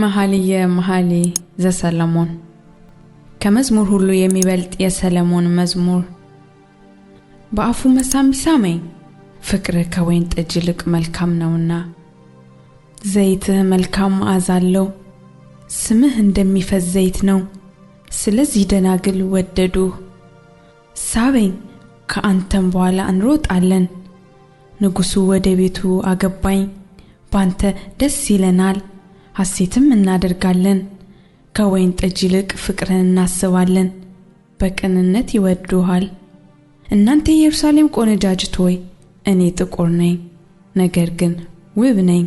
መኃልየ መኃልይ ዘሰለሞን ከመዝሙር ሁሉ የሚበልጥ የሰለሞን መዝሙር። በአፉ መሳም ቢሳመኝ ፍቅር ከወይን ጠጅ ይልቅ መልካም ነውና፣ ዘይትህ መልካም መዓዛ አለው፣ ስምህ እንደሚፈዝ ዘይት ነው። ስለዚህ ደናግል ወደዱህ። ሳበኝ፣ ከአንተም በኋላ እንሮጣለን። ንጉሡ ወደ ቤቱ አገባኝ፣ በአንተ ደስ ይለናል። ሐሴትም እናደርጋለን። ከወይን ጠጅ ይልቅ ፍቅርን እናስባለን፣ በቅንነት ይወዱሃል። እናንተ ኢየሩሳሌም ቆነጃጅት ሆይ እኔ ጥቁር ነኝ፣ ነገር ግን ውብ ነኝ፣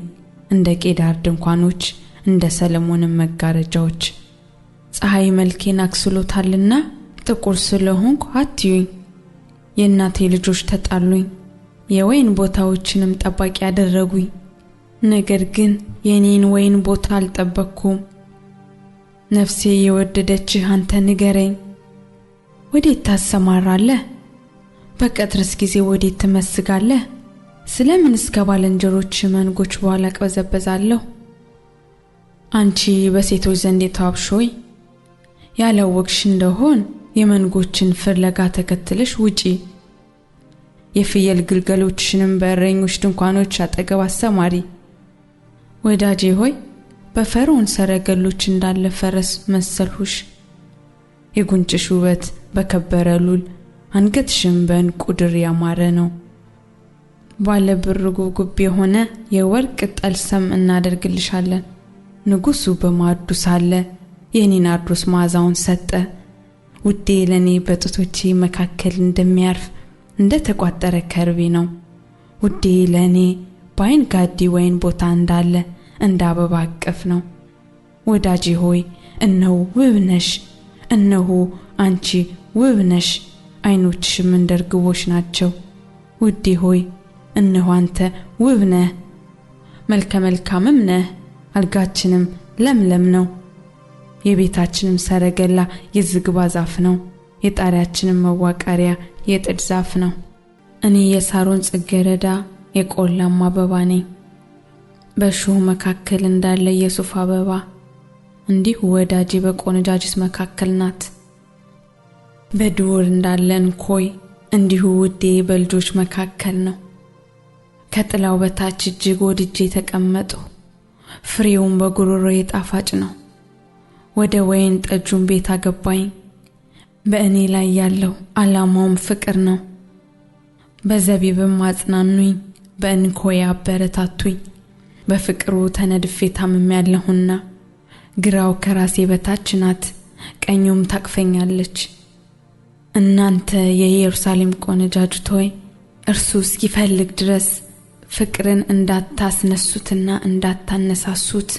እንደ ቄዳር ድንኳኖች፣ እንደ ሰለሞንም መጋረጃዎች። ፀሐይ መልኬን አክስሎታልና ጥቁር ስለሆንኩ አትዩኝ። የእናቴ ልጆች ተጣሉኝ፣ የወይን ቦታዎችንም ጠባቂ ያደረጉኝ። ነገር ግን የኔን ወይን ቦታ አልጠበቅኩም። ነፍሴ የወደደችህ አንተ ንገረኝ፣ ወዴት ታሰማራለ? በቀትርስ ጊዜ ወዴት ትመስጋለ ስለምን እስከ ባለንጀሮች መንጎች በኋላ ቀበዘበዛለሁ? አንቺ በሴቶች ዘንድ የተዋብሽ ያለወቅሽ ያላወቅሽ እንደሆን የመንጎችን ፍለጋ ተከትለሽ ውጪ። የፍየል ግልገሎችንም በረኞች ድንኳኖች አጠገብ አሰማሪ። ወዳጄ ሆይ በፈርዖን ሰረገሎች እንዳለ ፈረስ መሰልሁሽ። የጉንጭሽ ውበት በከበረ ሉል፣ አንገትሽም በዕንቁ ድር ያማረ ነው። ባለ ብር ጉብጉብ የሆነ የወርቅ ጠልሰም እናደርግልሻለን። ንጉሱ በማዱ ሳለ የኒናርዶስ መዓዛውን ሰጠ። ውዴ ለእኔ በጡቶቼ መካከል እንደሚያርፍ እንደ ተቋጠረ ከርቤ ነው። ውዴ ለእኔ በአይን ጋዲ ወይን ቦታ እንዳለ እንደ አበባ አቀፍ ነው። ወዳጄ ሆይ እነሆ ውብ ነሽ፣ እነሆ አንቺ ውብ ነሽ፣ አይኖችሽም እንደ ርግቦች ናቸው። ውዴ ሆይ እነሆ አንተ ውብ ነህ፣ መልከ መልካምም ነህ። አልጋችንም ለምለም ነው፣ የቤታችንም ሰረገላ የዝግባ ዛፍ ነው፣ የጣሪያችንም መዋቀሪያ የጥድ ዛፍ ነው። እኔ የሳሮን ጽገረዳ የቆላማ አበባ ነኝ። በእሾህ መካከል እንዳለ የሱፍ አበባ እንዲሁ ወዳጄ በቆነጃጅት መካከል ናት። በድውር እንዳለ እንኮይ እንዲሁ ውዴ በልጆች መካከል ነው። ከጥላው በታች እጅግ ወድጄ ተቀመጥሁ። ፍሬውን በጉሮሮ ጣፋጭ ነው። ወደ ወይን ጠጁን ቤት አገባኝ። በእኔ ላይ ያለው አላማውም ፍቅር ነው። በዘቢብም አጽናኑኝ። በእንኮዬ አበረታቱኝ። በፍቅሩ ተነድፌ ታምም ያለሁና ግራው ከራሴ በታች ናት፣ ቀኙም ታቅፈኛለች። እናንተ የኢየሩሳሌም ቆነጃጅት ሆይ እርሱ እስኪፈልግ ድረስ ፍቅርን እንዳታስነሱትና እንዳታነሳሱት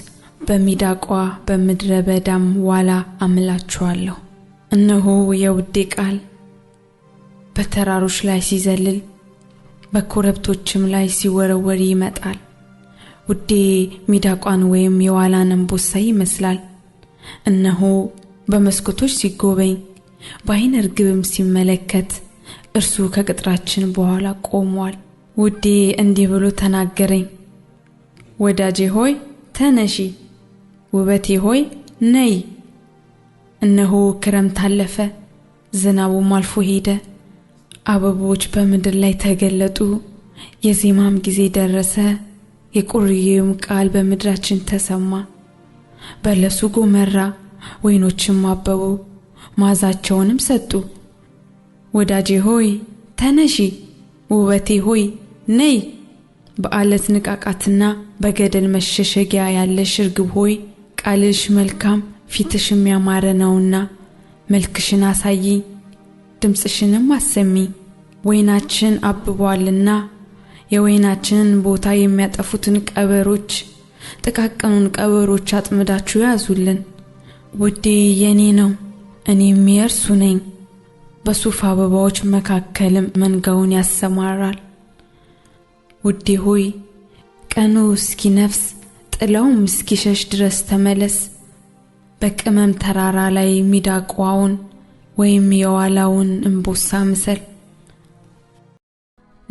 በሚዳቋ በምድረ በዳም ዋላ አምላችኋለሁ። እነሆ የውዴ ቃል በተራሮች ላይ ሲዘልል በኮረብቶችም ላይ ሲወረወር ይመጣል። ውዴ ሚዳቋን ወይም የዋላን እምቦሳ ይመስላል። እነሆ በመስኮቶች ሲጎበኝ በአይን እርግብም ሲመለከት እርሱ ከቅጥራችን በኋላ ቆሟል። ውዴ እንዲህ ብሎ ተናገረኝ። ወዳጄ ሆይ ተነሺ፣ ውበቴ ሆይ ነይ። እነሆ ክረምት አለፈ፣ ዝናቡም አልፎ ሄደ። አበቦች በምድር ላይ ተገለጡ። የዜማም ጊዜ ደረሰ። የቁርዬውም ቃል በምድራችን ተሰማ። በለሱ ጎመራ፣ ወይኖችም አበቡ፣ ማዛቸውንም ሰጡ። ወዳጄ ሆይ ተነሺ፣ ውበቴ ሆይ ነይ። በአለት ንቃቃትና በገደል መሸሸጊያ ያለሽ እርግብ ሆይ ቃልሽ መልካም ፊትሽም ያማረ ነውና መልክሽን አሳይኝ። ድምፅሽንም አሰሚ። ወይናችን አብቧልና የወይናችንን ቦታ የሚያጠፉትን ቀበሮች፣ ጥቃቅኑን ቀበሮች አጥምዳችሁ ያዙልን። ውዴ የኔ ነው፣ እኔም የእርሱ ነኝ። በሱፍ አበባዎች መካከልም መንጋውን ያሰማራል። ውዴ ሆይ ቀኑ እስኪ ነፍስ ጥላውም እስኪሸሽ ድረስ ተመለስ። በቅመም ተራራ ላይ ሚዳቋውን ወይም የዋላውን እምቦሳ ምስል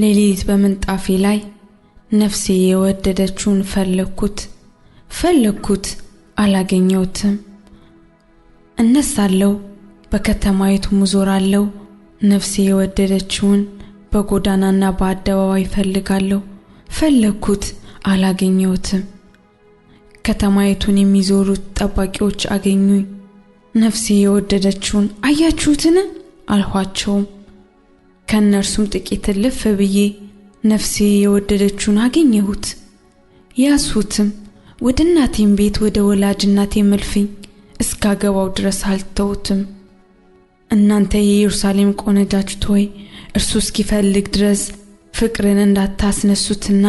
ሌሊት በምንጣፌ ላይ ነፍሴ የወደደችውን ፈለግኩት ፈለግኩት አላገኘሁትም። እነሳለሁ፣ በከተማይቱም እዞራለሁ። ነፍሴ የወደደችውን በጎዳናና በአደባባይ ፈልጋለሁ። ፈለግኩት አላገኘውትም ከተማይቱን የሚዞሩት ጠባቂዎች አገኙኝ። ነፍሴ የወደደችውን አያችሁትን አልኋቸውም። ከእነርሱም ጥቂት ልፍ ብዬ ነፍሴ የወደደችውን አገኘሁት። ያሱትም ወደ እናቴም ቤት ወደ ወላጅ እናቴ እልፍኝ እስካገባው ድረስ አልተውትም። እናንተ የኢየሩሳሌም ቆነጃችት ሆይ እርሱ እስኪፈልግ ድረስ ፍቅርን እንዳታስነሱትና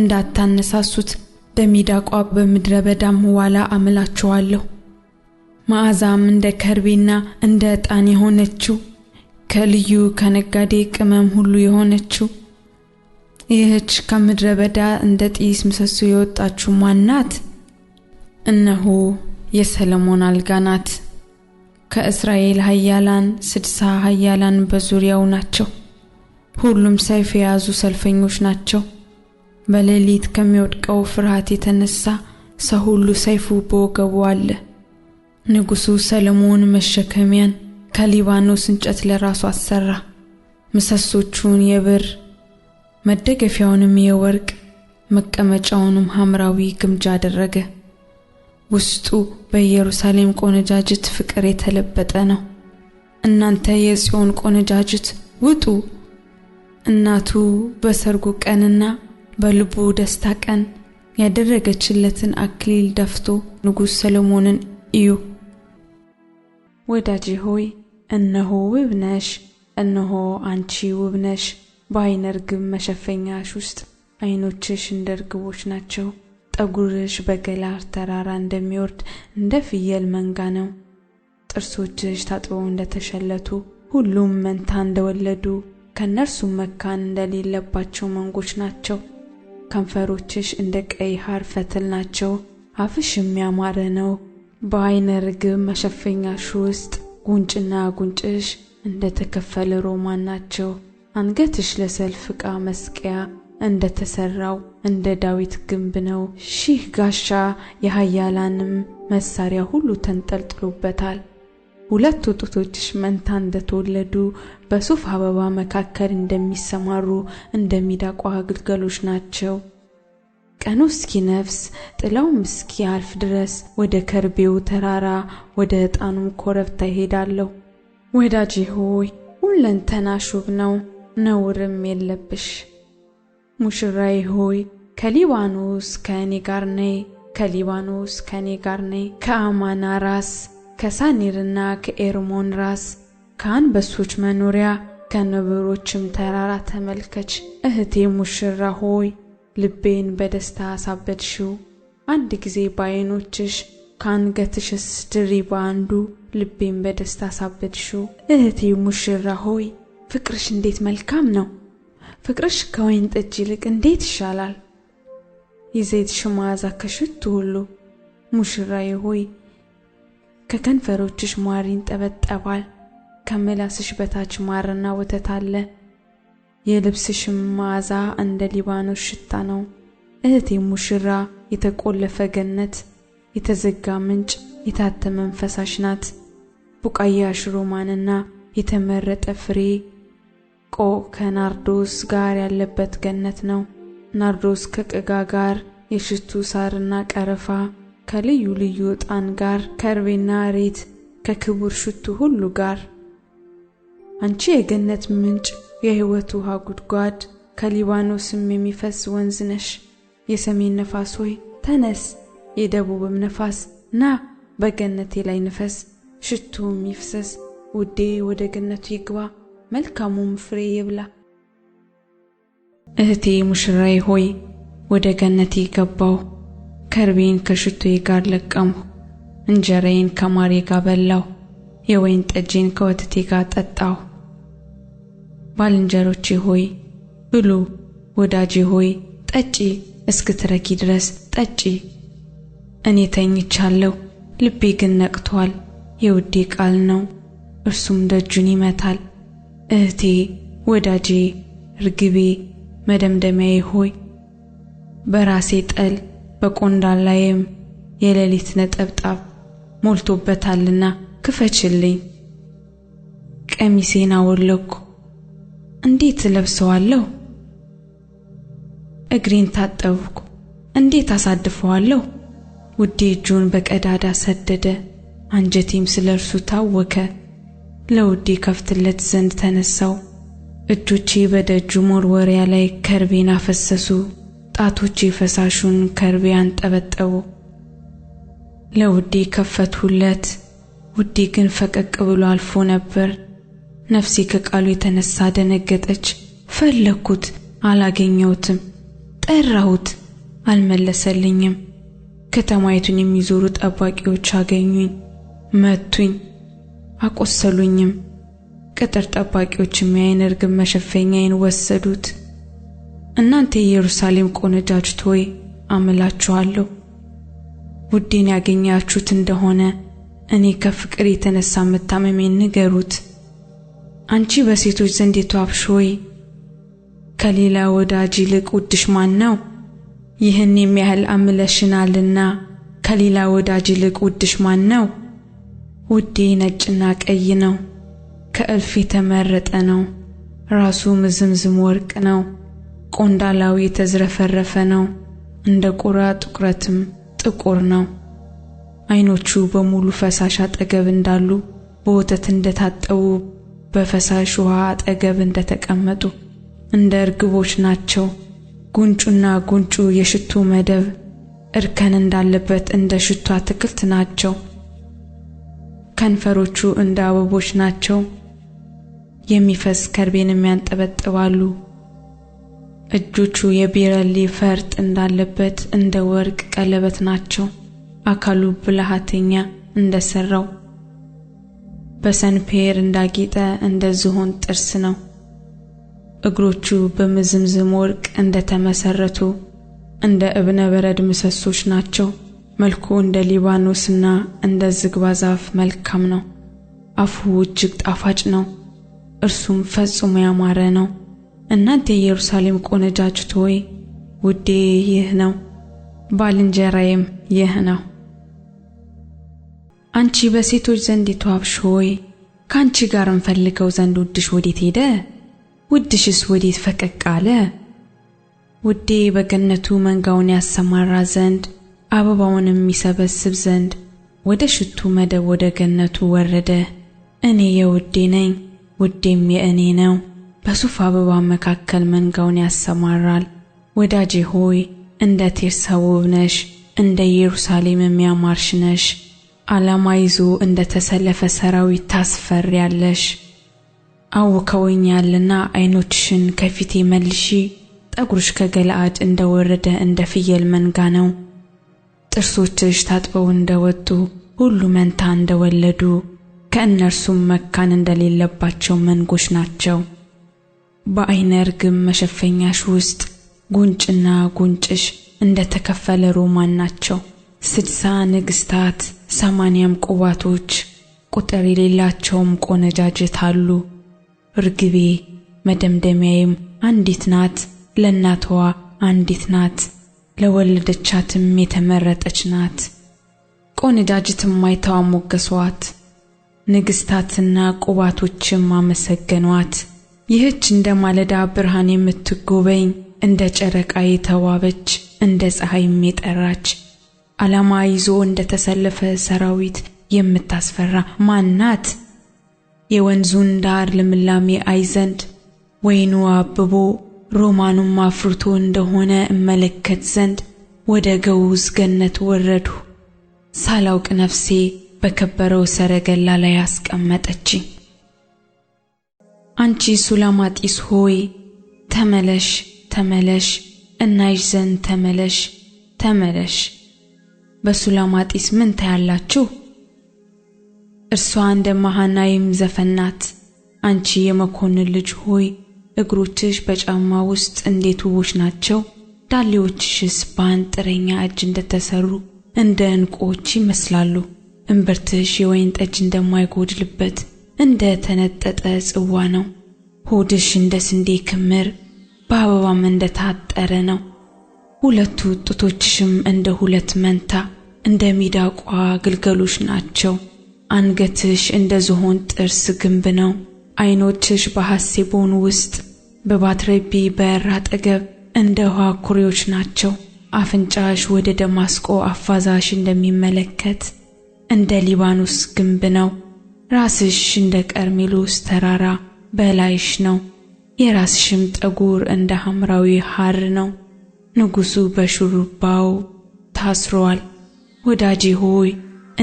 እንዳታነሳሱት በሚዳቋ በምድረ በዳም ዋላ አምላችኋለሁ። መዓዛም እንደ ከርቤና እንደ ዕጣን የሆነችው ከልዩ ከነጋዴ ቅመም ሁሉ የሆነችው ይህች ከምድረ በዳ እንደ ጢስ ምሰሶ የወጣችው ማናት? እነሆ የሰለሞን አልጋ ናት። ከእስራኤል ሀያላን ስድሳ ሀያላን በዙሪያው ናቸው። ሁሉም ሰይፍ የያዙ ሰልፈኞች ናቸው። በሌሊት ከሚወድቀው ፍርሃት የተነሳ ሰው ሁሉ ሰይፉ በወገቡ አለ። ንጉሡ ሰሎሞን መሸከሚያን ከሊባኖስ እንጨት ለራሱ አሰራ። ምሰሶቹን የብር መደገፊያውንም የወርቅ መቀመጫውንም ሐምራዊ ግምጃ አደረገ። ውስጡ በኢየሩሳሌም ቆነጃጅት ፍቅር የተለበጠ ነው። እናንተ የጽዮን ቆነጃጅት ውጡ! እናቱ በሰርጉ ቀንና በልቡ ደስታ ቀን ያደረገችለትን አክሊል ደፍቶ ንጉሥ ሰሎሞንን እዩ። ወዳጄ ሆይ እነሆ ውብ ነሽ፣ እነሆ አንቺ ውብ ነሽ። በአይነ ርግብ መሸፈኛሽ ውስጥ አይኖችሽ እንደ ርግቦች ናቸው። ጠጉርሽ በገላር ተራራ እንደሚወርድ እንደ ፍየል መንጋ ነው። ጥርሶችሽ ታጥበው እንደተሸለቱ ሁሉም መንታ እንደወለዱ ከእነርሱም መካን እንደሌለባቸው መንጎች ናቸው። ከንፈሮችሽ እንደ ቀይ ሐር ፈትል ናቸው፣ አፍሽም ያማረ ነው። በአይነ ርግብ መሸፈኛሽ ውስጥ ጉንጭና ጉንጭሽ እንደ ተከፈለ ሮማን ናቸው። አንገትሽ ለሰልፍ ዕቃ መስቀያ እንደ ተሠራው እንደ ዳዊት ግንብ ነው። ሺህ ጋሻ የኃያላንም መሳሪያ ሁሉ ተንጠልጥሎበታል። ሁለቱ ጡቶችሽ መንታ እንደተወለዱ በሱፍ አበባ መካከል እንደሚሰማሩ እንደሚዳቋ አገልገሎች ናቸው። ቀኑ እስኪነፍስ ጥላውም እስኪያልፍ ድረስ ወደ ከርቤው ተራራ ወደ ዕጣኑም ኮረብታ ይሄዳለሁ። ወዳጄ ሆይ ሁለንተና ሹብ ነው፣ ነውርም የለብሽ። ሙሽራዬ ሆይ ከሊባኖስ ከእኔ ጋር ነይ፣ ከሊባኖስ ከእኔ ጋር ነይ፣ ከአማና ራስ፣ ከሳኒርና ከኤርሞን ራስ፣ ከአንበሶች መኖሪያ፣ ከነብሮችም ተራራ ተመልከች። እህቴ ሙሽራ ሆይ ልቤን በደስታ አሳበድሽው አንድ ጊዜ ባይኖችሽ ከአንገትሽስ ድሪ በአንዱ ልቤን በደስታ አሳበድሽው እህቴ ሙሽራ ሆይ ፍቅርሽ እንዴት መልካም ነው! ፍቅርሽ ከወይን ጠጅ ይልቅ እንዴት ይሻላል! የዘይትሽ ሽማዛ ከሽቱ ሁሉ ሙሽራዬ ሆይ ከከንፈሮችሽ ማር ይንጠበጠባል፣ ከምላስሽ በታች ማርና ወተት አለ። የልብስሽም መዓዛ እንደ ሊባኖስ ሽታ ነው። እህቴ ሙሽራ የተቆለፈ ገነት፣ የተዘጋ ምንጭ፣ የታተመን ፈሳሽ ናት። ቡቃያሽ ሮማንና የተመረጠ ፍሬ ቆ ከናርዶስ ጋር ያለበት ገነት ነው። ናርዶስ ከቅጋ ጋር የሽቱ ሳርና ቀረፋ ከልዩ ልዩ ዕጣን ጋር ከርቤና ሬት ከክቡር ሽቱ ሁሉ ጋር አንቺ የገነት ምንጭ የሕይወት ውሃ ጉድጓድ ከሊባኖስም የሚፈስ ወንዝ ነሽ። የሰሜን ነፋስ ሆይ ተነስ፣ የደቡብም ነፋስ ና በገነቴ ላይ ንፈስ፣ ሽቱም ይፍሰስ፣ ውዴ ወደ ገነቱ ይግባ፣ መልካሙም ፍሬ ይብላ። እህቴ ሙሽራዬ ሆይ ወደ ገነቴ ገባሁ፣ ከርቤን ከሽቶዬ ጋር ለቀምሁ፣ እንጀራዬን ከማሬ ጋር በላሁ፣ የወይን ጠጄን ከወተቴ ጋር ጠጣሁ። ባልንጀሮቼ ሆይ ብሉ፣ ወዳጄ ሆይ ጠጪ፣ እስክትረኪ ድረስ ጠጪ። እኔ ተኝቻለሁ፣ ልቤ ግን ነቅቷል የውዴ ቃል ነው፣ እርሱም ደጁን ይመታል። እህቴ፣ ወዳጄ፣ ርግቤ፣ መደምደሚያዬ ሆይ በራሴ ጠል በቆንዳላዬም የሌሊት ነጠብጣብ ሞልቶበታልና ክፈችልኝ። ቀሚሴን አወለኩ እንዴት እለብሰዋለሁ? እግሬን ታጠብኩ፣ እንዴት አሳድፈዋለሁ? ውዴ እጁን በቀዳዳ ሰደደ፣ አንጀቴም ስለ እርሱ ታወከ። ለውዴ ከፍትለት ዘንድ ተነሳው። እጆቼ በደጁ መወርወሪያ ላይ ከርቤን አፈሰሱ፣ ጣቶቼ ፈሳሹን ከርቤ አንጠበጠቡ። ለውዴ ከፈትሁለት፣ ውዴ ግን ፈቀቅ ብሎ አልፎ ነበር። ነፍሴ ከቃሉ የተነሳ ደነገጠች። ፈለግኩት፣ አላገኘሁትም። ጠራሁት፣ አልመለሰልኝም። ከተማይቱን የሚዞሩ ጠባቂዎች አገኙኝ፣ መቱኝ፣ አቆሰሉኝም። ቅጥር ጠባቂዎችም የዓይን ርግብ መሸፈኛዬን ወሰዱት። እናንተ የኢየሩሳሌም ቆነጃጅት ሆይ አምላችኋለሁ፣ ውዴን ያገኛችሁት እንደሆነ እኔ ከፍቅር የተነሳ መታመሜን ንገሩት። አንቺ በሴቶች ዘንድ የተዋብሽ ሆይ ከሌላ ወዳጅ ይልቅ ውድሽ ማን ነው? ይህን የሚያህል አምለሽናልና ከሌላ ወዳጅ ይልቅ ውድሽ ማን ነው? ውዴ ነጭና ቀይ ነው፣ ከእልፍ የተመረጠ ነው። ራሱ ምዝምዝም ወርቅ ነው፣ ቆንዳላው የተዝረፈረፈ ነው፣ እንደ ቁራ ጥቁረትም ጥቁር ነው። አይኖቹ በሙሉ ፈሳሽ አጠገብ እንዳሉ በወተት እንደታጠቡ በፈሳሽ ውሃ አጠገብ እንደተቀመጡ እንደ እርግቦች ናቸው። ጉንጩና ጉንጩ የሽቱ መደብ እርከን እንዳለበት እንደ ሽቱ አትክልት ናቸው። ከንፈሮቹ እንደ አበቦች ናቸው፣ የሚፈስ ከርቤን የሚያንጠበጥባሉ። እጆቹ የቢረሌ ፈርጥ እንዳለበት እንደ ወርቅ ቀለበት ናቸው። አካሉ ብልሃተኛ እንደሰራው በሰንፔር እንዳጌጠ እንደ ዝሆን ጥርስ ነው። እግሮቹ በምዝምዝም ወርቅ እንደ ተመሰረቱ እንደ እብነ በረድ ምሰሶች ናቸው። መልኩ እንደ ሊባኖስና እንደ ዝግባ ዛፍ መልካም ነው። አፉ እጅግ ጣፋጭ ነው፣ እርሱም ፈጽሞ ያማረ ነው። እናንተ የኢየሩሳሌም ቆነጃጅት ሆይ ውዴ ይህ ነው፣ ባልንጀራዬም ይህ ነው። አንቺ በሴቶች ዘንድ የተዋብሽ ሆይ ከአንቺ ጋር እንፈልገው ዘንድ ውድሽ ወዴት ሄደ? ውድሽስ ወዴት ፈቀቅ አለ? ውዴ በገነቱ መንጋውን ያሰማራ ዘንድ አበባውንም የሚሰበስብ ዘንድ ወደ ሽቱ መደብ ወደ ገነቱ ወረደ። እኔ የውዴ ነኝ፣ ውዴም የእኔ ነው። በሱፍ አበባ መካከል መንጋውን ያሰማራል። ወዳጄ ሆይ እንደ ቴርሳ ውብ ነሽ፣ እንደ ኢየሩሳሌም የሚያማርሽ ነሽ። ዓላማ ይዞ እንደ ተሰለፈ ሰራዊት ታስፈሪያለሽ። አውከውኛልና አይኖችሽን ከፊቴ መልሺ። ጠጉርሽ ከገለዓድ እንደ ወረደ እንደ ፍየል መንጋ ነው። ጥርሶችሽ ታጥበው እንደ ወጡ ሁሉ መንታ እንደ ወለዱ ከእነርሱም መካን እንደሌለባቸው መንጎች ናቸው። በዓይነ መሸፈኛሽ ውስጥ ጉንጭና ጉንጭሽ እንደ ተከፈለ ሮማን ናቸው። ስድሳ ንግሥታት ሰማንያም ቁባቶች ቁጥር የሌላቸውም ቆነጃጀት አሉ። ርግቤ መደምደሚያዬም አንዲት ናት፣ ለእናትዋ አንዲት ናት፣ ለወለደቻትም የተመረጠች ናት። ቆነጃጅትም አይተዋ ሞገሷት፣ ንግሥታትና ቁባቶችም አመሰገኗት። ይህች እንደ ማለዳ ብርሃን የምትጎበኝ እንደ ጨረቃ የተዋበች እንደ ፀሐይም የጠራች ዓላማ ይዞ እንደተሰለፈ ሰራዊት የምታስፈራ ማናት? የወንዙን ዳር ልምላሜ አይ ዘንድ ወይኑ አብቦ ሮማኑም አፍርቶ እንደሆነ እመለከት ዘንድ ወደ ገውዝ ገነት ወረዱ። ሳላውቅ ነፍሴ በከበረው ሰረገላ ላይ አስቀመጠች። አንቺ ሱላማጢስ ሆይ ተመለሽ፣ ተመለሽ እናይሽ ዘንድ ተመለሽ፣ ተመለሽ በሱላማጢስ ምን ታያላችሁ? እርሷ እንደ መሃናይም ዘፈን ናት። አንቺ የመኮንን ልጅ ሆይ እግሮችሽ በጫማ ውስጥ እንዴት ውቦች ናቸው! ዳሌዎችሽስ በአንጥረኛ እጅ እንደተሰሩ እንደ ዕንቁዎች ይመስላሉ። እምብርትሽ የወይን ጠጅ እንደማይጎድልበት እንደ ተነጠጠ ጽዋ ነው። ሆድሽ እንደ ስንዴ ክምር በአበባም እንደታጠረ ነው። ሁለቱ ጡቶችሽም እንደ ሁለት መንታ እንደ ሚዳቋ ግልገሎች ናቸው። አንገትሽ እንደ ዝሆን ጥርስ ግንብ ነው። ዓይኖችሽ በሐሴቦን ውስጥ በባትረቢ በር አጠገብ እንደ ውሃ ኩሬዎች ናቸው። አፍንጫሽ ወደ ደማስቆ አፋዛሽ እንደሚመለከት እንደ ሊባኖስ ግንብ ነው። ራስሽ እንደ ቀርሜሎስ ተራራ በላይሽ ነው። የራስሽም ጠጉር እንደ ሐምራዊ ሐር ነው። ንጉሡ በሹሩባው ታስሯል። ወዳጄ ሆይ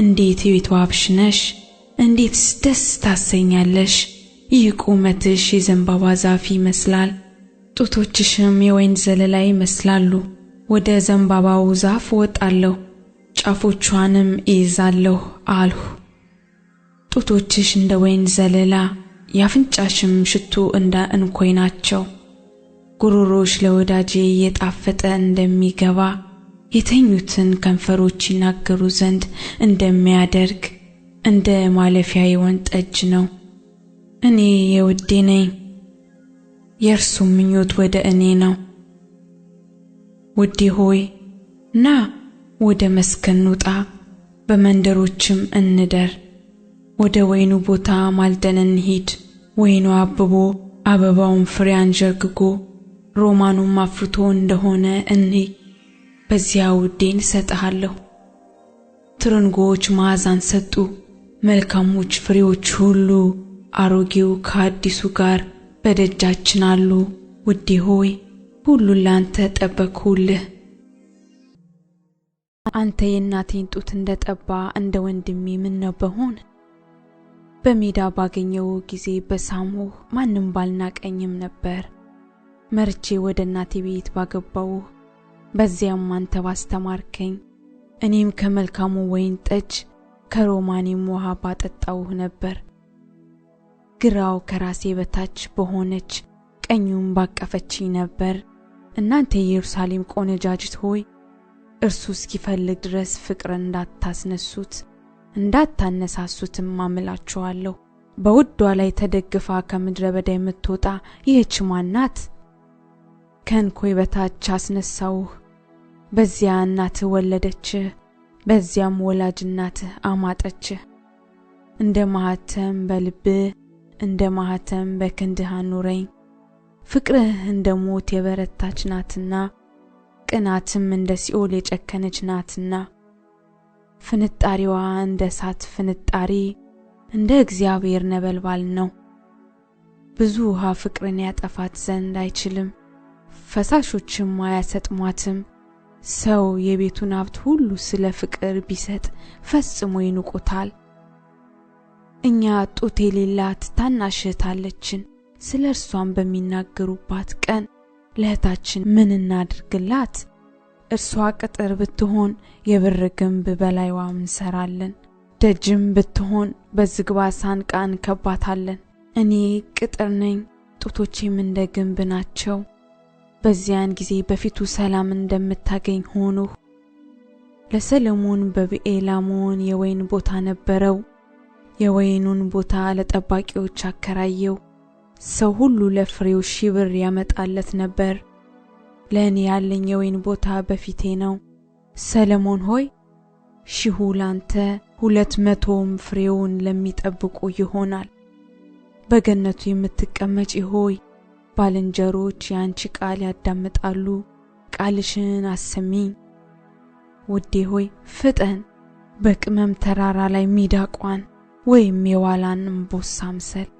እንዴት የተዋብሽ ነሽ! እንዴትስ ደስ ታሰኛለሽ! ይህ ቁመትሽ የዘንባባ ዛፍ ይመስላል፣ ጡቶችሽም የወይን ዘለላ ይመስላሉ። ወደ ዘንባባው ዛፍ ወጣለሁ፣ ጫፎቿንም እይዛለሁ አልሁ። ጡቶችሽ እንደ ወይን ዘለላ፣ የአፍንጫሽም ሽቱ እንደ እንኮይ ናቸው። ጉሮሮሽ ለወዳጄ እየጣፈጠ እንደሚገባ የተኙትን ከንፈሮች ይናገሩ ዘንድ እንደሚያደርግ እንደ ማለፊያ የወይን ጠጅ ነው። እኔ የውዴ ነኝ፣ የእርሱም ምኞት ወደ እኔ ነው። ውዴ ሆይ ና ወደ መስክ በመንደሮችም እንደር። ወደ ወይኑ ቦታ ማልደን እንሂድ። ወይኑ አብቦ አበባውን ፍሬ አንዠርግጎ ሮማኑም አፍርቶ እንደሆነ እንይ። በዚያ ውዴን እሰጥሃለሁ። ትርንጎዎች መዓዛን ሰጡ፣ መልካሞች ፍሬዎች ሁሉ አሮጌው ከአዲሱ ጋር በደጃችን አሉ። ውዴ ሆይ ሁሉን ላንተ ጠበቅሁልህ። አንተ የእናቴን ጡት እንደ ጠባ እንደ ወንድሜ ምን ነው በሆን በሜዳ ባገኘው ጊዜ በሳሙህ ማንም ባልናቀኝም ነበር። መርቼ ወደ እናቴ ቤት ባገባውህ በዚያም አንተ ባስተማርከኝ እኔም ከመልካሙ ወይን ጠጅ ከሮማኒም ውሃ ባጠጣውህ ነበር። ግራው ከራሴ በታች በሆነች ቀኙም ባቀፈችኝ ነበር። እናንተ የኢየሩሳሌም ቆነጃጅት ሆይ እርሱ እስኪፈልግ ድረስ ፍቅር እንዳታስነሱት እንዳታነሳሱትም አምላችኋለሁ። በውዷ ላይ ተደግፋ ከምድረ በዳ የምትወጣ ይህች ማናት ከንኮይ በታች አስነሳውህ በዚያ እናትህ ወለደችህ፣ በዚያም ወላጅ እናትህ አማጠችህ። እንደ ማኅተም በልብህ እንደ ማኅተም በክንድህ አኑረኝ። ፍቅርህ እንደ ሞት የበረታች ናትና፣ ቅናትም እንደ ሲኦል የጨከነች ናትና። ፍንጣሪዋ እንደ እሳት ፍንጣሪ እንደ እግዚአብሔር ነበልባል ነው። ብዙ ውሃ ፍቅርን ያጠፋት ዘንድ አይችልም፣ ፈሳሾችም አያሰጥሟትም። ሰው የቤቱን ሀብት ሁሉ ስለ ፍቅር ቢሰጥ ፈጽሞ ይንቁታል። እኛ ጡት የሌላት ታናሽ ስለ እርሷን በሚናገሩባት ቀን ለእህታችን ምን እናድርግላት? እርሷ ቅጥር ብትሆን የብር ግንብ በላይዋ እንሰራለን፣ ደጅም ብትሆን በዝግባ ሳንቃ እንከባታለን። እኔ ቅጥር ነኝ፣ ጡቶቼም እንደ ግንብ ናቸው። በዚያን ጊዜ በፊቱ ሰላም እንደምታገኝ ሆንሁ። ለሰለሞን በብኤላሞን የወይን ቦታ ነበረው። የወይኑን ቦታ ለጠባቂዎች አከራየው። ሰው ሁሉ ለፍሬው ሺህ ብር ያመጣለት ነበር። ለእኔ ያለኝ የወይን ቦታ በፊቴ ነው። ሰለሞን ሆይ ሺሁ ላንተ ሁለት መቶም ፍሬውን ለሚጠብቁ ይሆናል። በገነቱ የምትቀመጪ ሆይ ባልንጀሮች ያንቺ ቃል ያዳምጣሉ። ቃልሽን አሰሚኝ ውዴ ሆይ ፍጠን። በቅመም ተራራ ላይ ሚዳቋን ወይም የዋላን እምቦሳ ምሰል